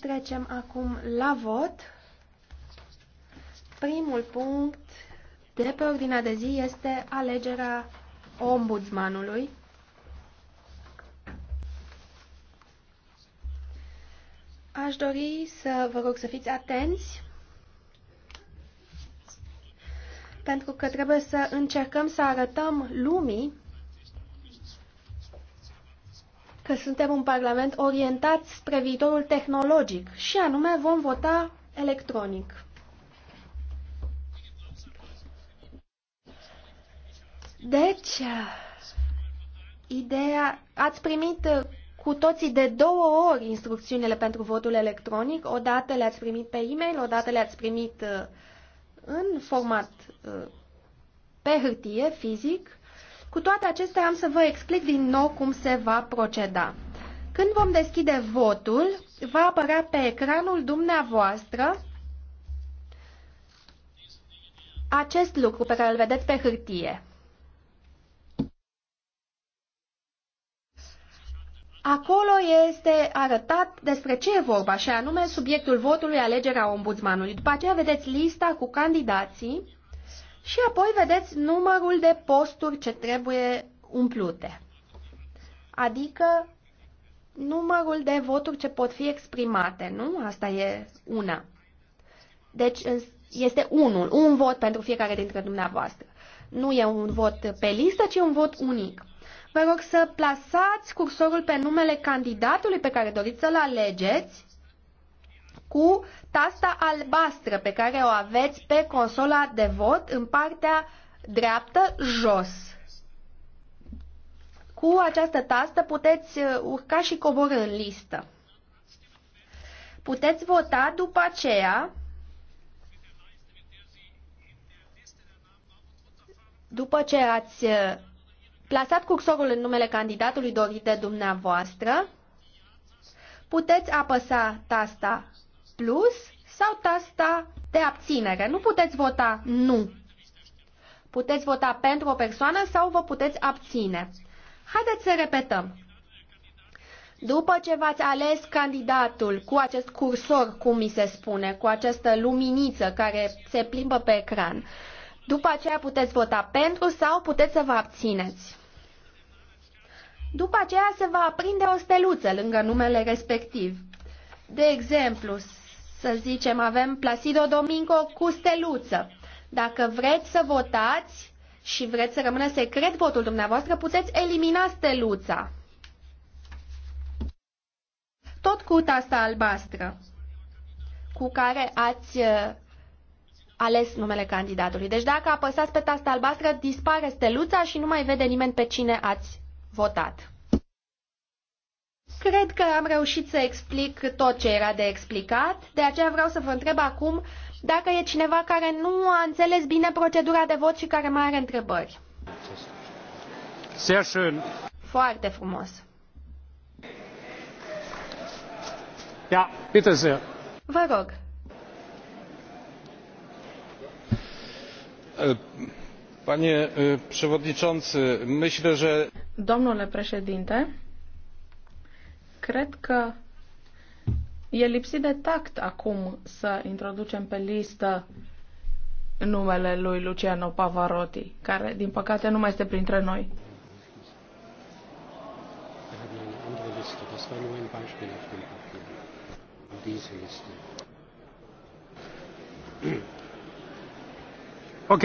Trecem acum la vot. Primul punct de pe ordinea de zi este alegerea ombudsmanului. Aș dori să vă rog să fiți atenți pentru că trebuie să încercăm să arătăm lumii că suntem un parlament orientat spre viitorul tehnologic și anume vom vota electronic. Deci, ideea, ați primit cu toții de două ori instrucțiunile pentru votul electronic. O dată le-ați primit pe e-mail, o dată le-ați primit uh, în format uh, pe hârtie, fizic. Cu toate acestea am să vă explic din nou cum se va proceda. Când vom deschide votul, va apărea pe ecranul dumneavoastră acest lucru pe care îl vedeți pe hârtie. Acolo este arătat despre ce e vorba, și anume subiectul votului alegerea ombudsmanului. După aceea vedeți lista cu candidații și apoi vedeți numărul de posturi ce trebuie umplute. Adică numărul de voturi ce pot fi exprimate, nu? Asta e una. Deci este unul, un vot pentru fiecare dintre dumneavoastră. Nu e un vot pe listă, ci un vot unic. Vă rog să plasați cursorul pe numele candidatului pe care doriți să-l alegeți cu tasta albastră pe care o aveți pe consola de vot în partea dreaptă jos. Cu această tastă puteți uh, urca și coborâ în listă. Puteți vota după aceea după ce ați uh, plasat cursorul în numele candidatului dorit de dumneavoastră, puteți apăsa tasta plus sau tasta de abținere. Nu puteți vota nu. Puteți vota pentru o persoană sau vă puteți abține. Haideți să repetăm. După ce v-ați ales candidatul cu acest cursor, cum mi se spune, cu această luminiță care se plimbă pe ecran, după aceea puteți vota pentru sau puteți să vă abțineți. După aceea se va aprinde o steluță lângă numele respectiv. De exemplu, să zicem, avem Placido Domingo cu steluță. Dacă vreți să votați și vreți să rămână secret votul dumneavoastră, puteți elimina steluța. Tot cu tasta albastră cu care ați uh, ales numele candidatului. Deci dacă apăsați pe tasta albastră, dispare steluța și nu mai vede nimeni pe cine ați votat. Cred că am reușit să explic tot ce era de explicat, de aceea vreau să vă întreb acum dacă e cineva care nu a înțeles bine procedura de vot și care mai are întrebări. Sehr schön. Foarte frumos. Ja, bitte sehr. Vă rog. Panie przewodniczący, myślę, że... Domnule președinte, Cred că e lipsit de tact acum să introducem pe listă numele lui Luciano Pavarotti, care, din păcate, nu mai este printre noi. Ok.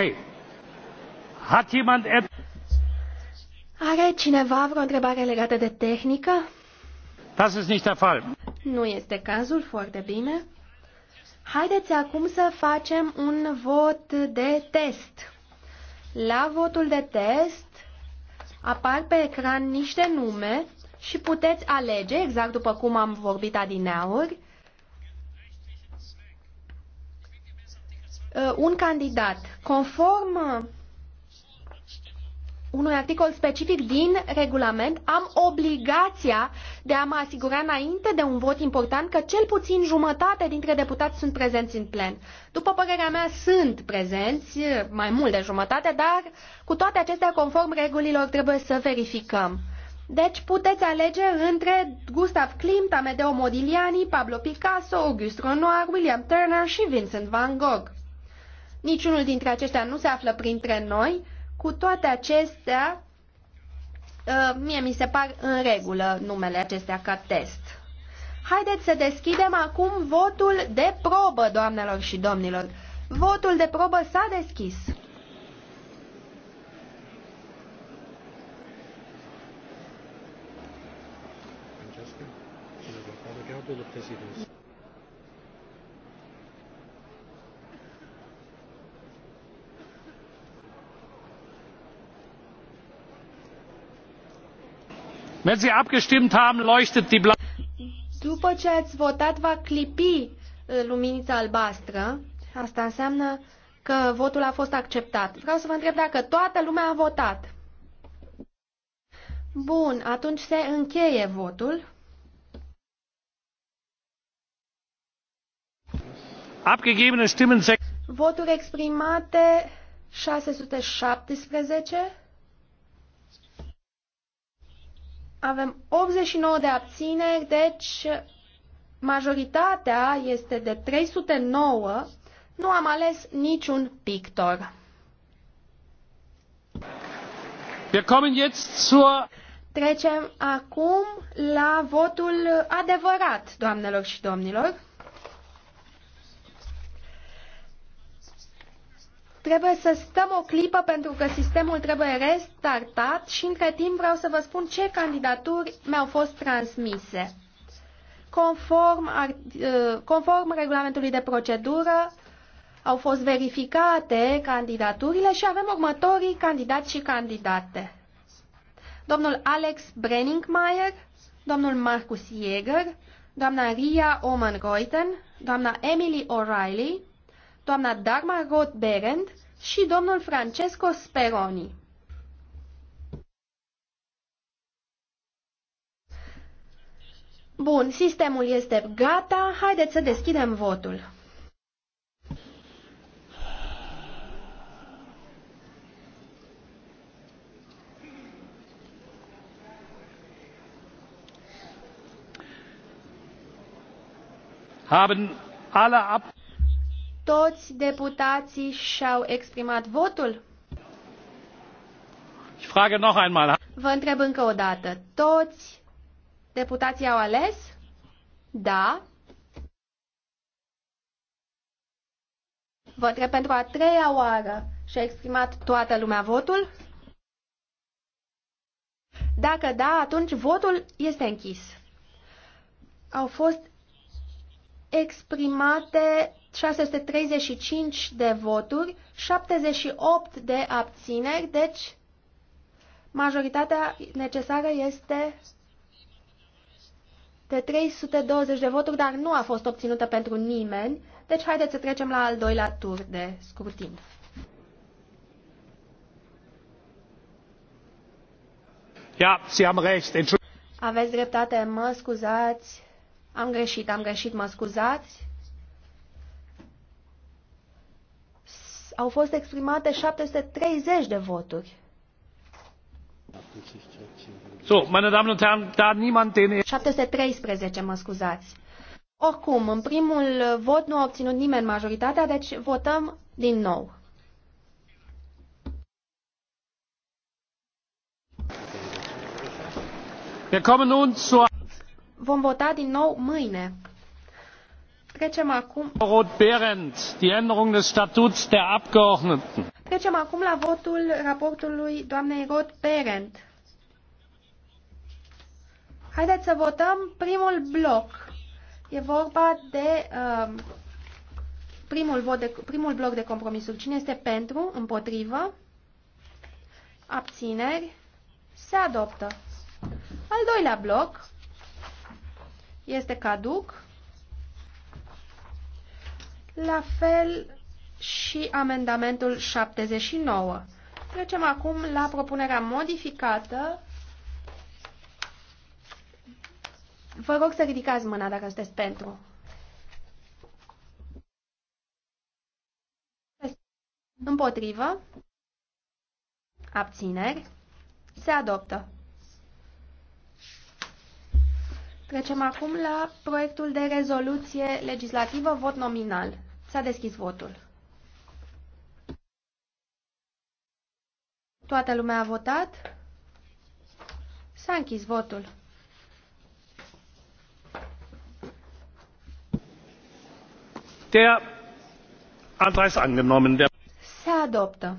Hat jemand... Are cineva vreo întrebare legată de tehnică? Das ist nicht der Fall. Nu este cazul, foarte bine. Haideți acum să facem un vot de test. La votul de test apar pe ecran niște nume și puteți alege, exact după cum am vorbit adineauri, uh, un candidat. Conform unui articol specific din regulament, am obligația de a mă asigura înainte de un vot important că cel puțin jumătate dintre deputați sunt prezenți în plen. După părerea mea, sunt prezenți, mai mult de jumătate, dar cu toate acestea, conform regulilor, trebuie să verificăm. Deci puteți alege între Gustav Klimt, Amedeo Modigliani, Pablo Picasso, Auguste Renoir, William Turner și Vincent van Gogh. Niciunul dintre aceștia nu se află printre noi, cu toate acestea, uh, mie mi se par în regulă numele acestea ca test. Haideți să deschidem acum votul de probă, doamnelor și domnilor. Votul de probă s-a deschis. Francesca, După ce ați votat, va clipi eh, luminița albastră. Asta înseamnă că votul a fost acceptat. Vreau să vă întreb dacă toată lumea a votat. Bun, atunci se încheie votul. Abgegebene Stimmen Voturi exprimate 617 Avem 89 de abțineri, deci majoritatea este de 309. Nu am ales niciun pictor. Wir kommen jetzt zur Trecem acum la votul adevărat, doamnelor și domnilor. Trebuie să stăm o clipă pentru că sistemul trebuie restartat și între timp vreau să vă spun ce candidaturi mi-au fost transmise. Conform, uh, conform regulamentului de procedură, au fost verificate candidaturile și avem următorii candidați și candidate. Domnul Alex Brenningmeier, domnul Marcus Jäger, doamna Ria Oman-Reuten, doamna Emily O'Reilly, doamna Dagmar Roth-Berend și domnul Francesco Speroni. Bun, sistemul este gata. Haideți să deschidem votul. Haben alle ab toți deputații și-au exprimat votul? Ich frage noch einmal. Vă întreb încă o dată. Toți deputații au ales? Da. Vă întreb pentru a treia oară. Și-a exprimat toată lumea votul? Dacă da, atunci votul este închis. Au fost exprimate 635 de voturi, 78 de abțineri, deci majoritatea necesară este de 320 de voturi, dar nu a fost obținută pentru nimeni. Deci haideți să trecem la al doilea tur de scrutin. Ja, Sie haben recht. Aveți dreptate, mă scuzați. Am greșit, am greșit, mă scuzați. au fost exprimate 730 de voturi. So, meine Damen und Herren, da niemand den... 713, mă scuzați. Oricum, în primul vot nu a obținut nimeni majoritatea, deci votăm din nou. Vom vota din nou mâine. Trecem acum... Berend, acum la votul raportului doamnei roth Berend. Haideți să votăm primul bloc. E vorba de um, primul, vot de, primul bloc de compromisuri. Cine este pentru, împotrivă, abțineri, se adoptă. Al doilea bloc este caduc. La fel și amendamentul 79. Trecem acum la propunerea modificată. Vă rog să ridicați mâna dacă sunteți pentru. Împotrivă. Abțineri. Se adoptă. Trecem acum la proiectul de rezoluție legislativă, vot nominal. S-a deschis votul. Toată lumea a votat? S-a închis votul. Der Antrag ist angenommen. Der Se adoptă.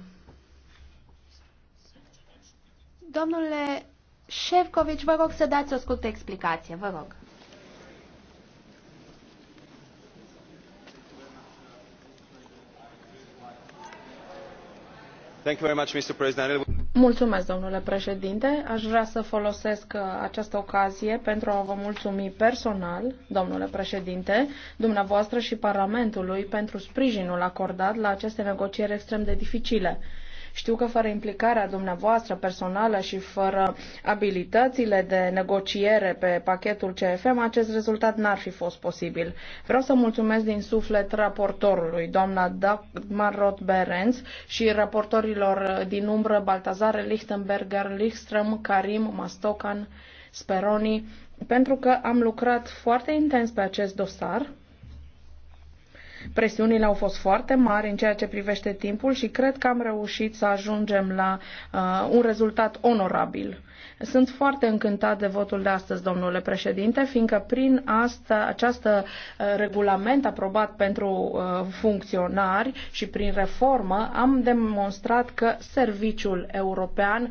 Domnule Șefcovici, vă rog să dați o scurtă explicație, vă rog. Mulțumesc, domnule președinte. Aș vrea să folosesc uh, această ocazie pentru a vă mulțumi personal, domnule președinte, dumneavoastră și Parlamentului pentru sprijinul acordat la aceste negocieri extrem de dificile. Știu că fără implicarea dumneavoastră personală și fără abilitățile de negociere pe pachetul CFM, acest rezultat n-ar fi fost posibil. Vreau să mulțumesc din suflet raportorului, doamna Dagmar Roth-Berenz și raportorilor din umbră Baltazar Lichtenberger, Lichström, Karim, Mastokan, Speroni, pentru că am lucrat foarte intens pe acest dosar Presiunile au fost foarte mari în ceea ce privește timpul și cred că am reușit să ajungem la uh, un rezultat onorabil. Sunt foarte încântat de votul de astăzi, domnule președinte, fiindcă prin asta, această uh, regulament aprobat pentru uh, funcționari și prin reformă am demonstrat că serviciul european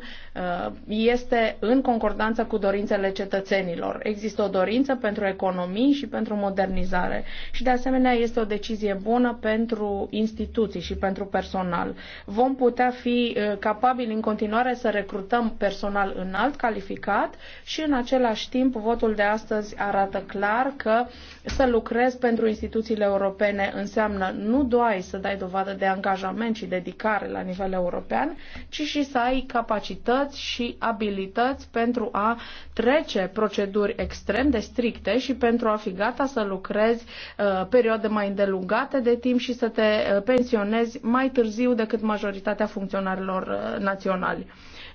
uh, este în concordanță cu dorințele cetățenilor. Există o dorință pentru economii și pentru modernizare și de asemenea este o decizie decizie bună pentru instituții și pentru personal. Vom putea fi uh, capabili în continuare să recrutăm personal înalt calificat și în același timp votul de astăzi arată clar că să lucrezi pentru instituțiile europene înseamnă nu doar să dai dovadă de angajament și dedicare la nivel european, ci și să ai capacități și abilități pentru a trece proceduri extrem de stricte și pentru a fi gata să lucrezi uh, perioade mai îndelungate bogate de timp și să te uh, pensionezi mai târziu decât majoritatea funcționarilor uh, naționali.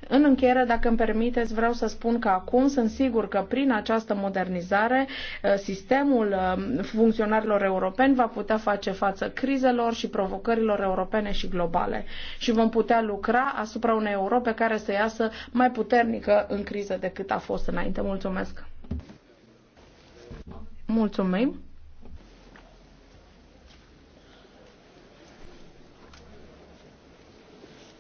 În încheiere, dacă îmi permiteți, vreau să spun că acum sunt sigur că prin această modernizare uh, sistemul funcționarilor europeni va putea face față crizelor și provocărilor europene și globale și vom putea lucra asupra unei Europe care să iasă mai puternică în criză decât a fost înainte. Mulțumesc! Mulțumim!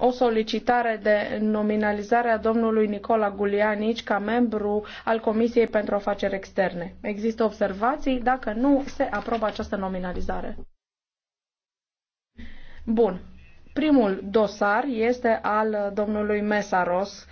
o solicitare de nominalizare a domnului Nicola Gulianici ca membru al Comisiei pentru Afaceri Externe. Există observații? Dacă nu, se aprobă această nominalizare. Bun. Primul dosar este al domnului Mesaros